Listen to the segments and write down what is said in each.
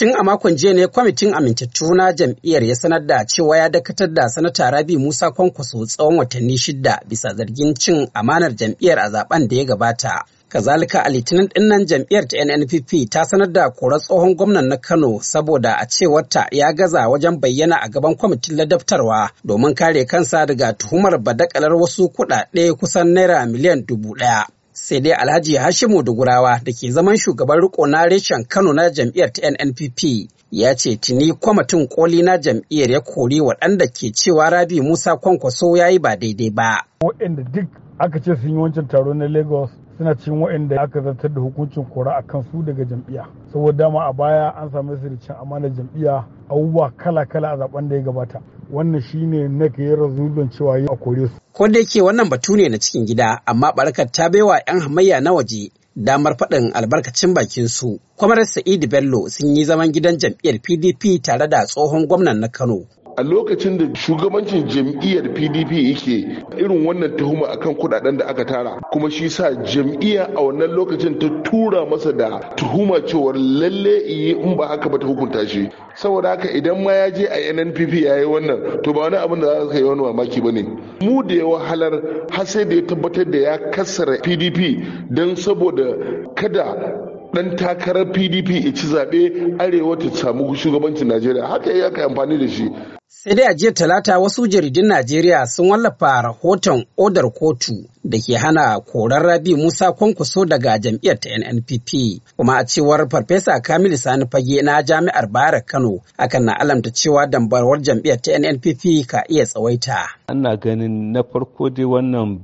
Tun a makon jiya ne kwamitin amintattu na jam'iyyar ya sanar da cewa ya dakatar da sanata Rabi Musa Kwankwaso tsawon watanni shida bisa zargin cin amanar jam'iyyar a zaben da ya gabata. Kazalika a litinin dinnan jam'iyyar ta NNPP ta sanar da korar tsohon gwamnan na Kano saboda a cewarta ya gaza wajen bayyana a gaban kwamitin ladabtarwa domin kare kansa daga tuhumar badakalar wasu kuɗaɗe kusan naira miliyan dubu ɗaya. sai dai alhaji hashimu dugurawa da ke zaman shugaban riko na reshen kano na jam'iyyar ta nnpp ya ce tuni kwamitin koli na jam'iyyar ya kori waɗanda ke cewa rabi musa kwankwaso ya yi ba daidai ba waɗanda duk aka ce sun yi wancan taro na lagos suna cin waɗanda aka zartar da hukuncin kora a kansu daga jam'iyya saboda dama a baya an same su da cin amanar jam'iyya abubuwa kala-kala a zaben da ya gabata wannan shine na gayyar zulun cewa ya kore su. Ko da yake wannan batu ne na cikin gida amma barkar ta baiwa 'yan hamayya na waje damar faɗin albarkacin bakinsu, su. Kwamar Sa'idu Bello sun yi zaman gidan jam'iyyar PDP tare da tsohon gwamnan na Kano a lokacin da shugabancin jam'iyyar pdp yake irin wannan tuhuma akan kudaden da aka tara kuma shi sa jam'iyya a wannan lokacin ta tura masa da tuhuma cewar lalle iye in ba haka ba ta hukunta shi saboda haka idan ma ya je a nnpp ya yi wannan to ba wani abin da za ka yi wani mamaki ba ne mu da ya wahalar har sai da ya tabbatar da ya kassara pdp don saboda kada dan takarar pdp ya ci zaɓe arewa ta samu shugabancin najeriya haka ya kai amfani da shi sai dai a jiya talata wasu jaridun najeriya sun wallafa rahoton odar kotu da ke hana korar rabi musa kwankwaso daga jam'iyyar ta nnpp kuma a cewar farfesa kamilu sani fage na jami'ar bayar kano akan na alamta cewa dambarwar jam'iyyar ta nnpp ka iya tsawaita ana ganin na farko dai wannan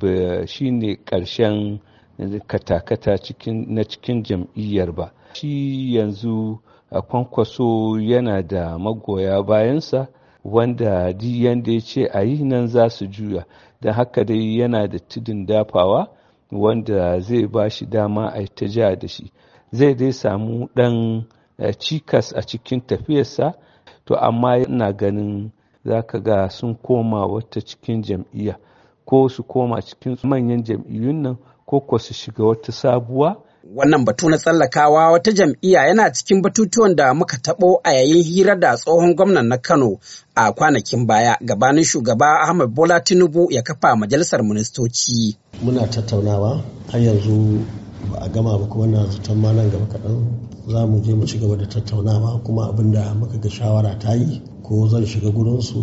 shine karshen yanzu katakata na cikin jam'iyyar ba shi yanzu a kwankwaso yana da magoya bayansa wanda duk yanda ya ce a yi nan za su juya don haka dai yana da tudun dafawa wanda zai ba shi dama a ta ja da shi zai dai samu ɗan eh, cikas a cikin tafiyarsa to amma yana ganin za ka ga sun koma wata cikin jam'iyya ko su koma cikin manyan jam'iyyun nan ko ko su shiga wata sabuwa wannan batu na tsallakawa wata jam'iyya yana cikin batutuwan da muka taɓo a yayin hira da tsohon gwamnan na kano a kwanakin baya gabanin shugaba ahmad bola tinubu ya kafa majalisar ministoci muna tattaunawa har yanzu ba a gama ba kuma na zaton ma nan gaba kaɗan za mu je mu ci gaba da tattaunawa kuma abin da muka ga shawara ta yi ko zan shiga gurinsu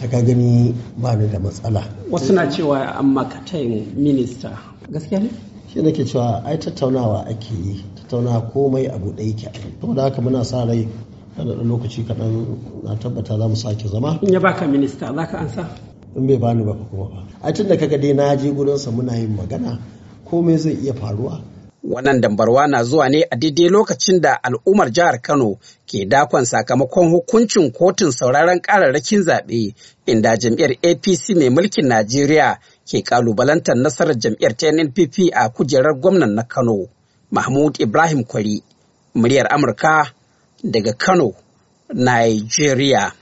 ta ka gani ba ni da matsala wasu na cewa an makatayin minista gaskiya ne shi da ke cewa ai tattaunawa ake yi tattaunawa komai abu ɗaya ke da haka muna sa rai da ɗan lokaci kaɗan na tabbata za mu sake zama in ya baka minista za ka ansa in bai bani ba kuma ba a tun da kaga dai na je gurinsa muna yin magana komai zai iya faruwa Wannan dambarwa na zuwa ne a daidai lokacin da al'ummar jihar Kano ke dakon sakamakon hukuncin kotun sauraron kararrakin zaɓe inda jam'iyyar APC mai mulkin Najeriya ke kalubalantar nasarar jam'iyyar TNNPP a kujerar gwamnan na Kano. Mahmud Ibrahim Kwari, muryar Amurka daga Kano, Nigeria.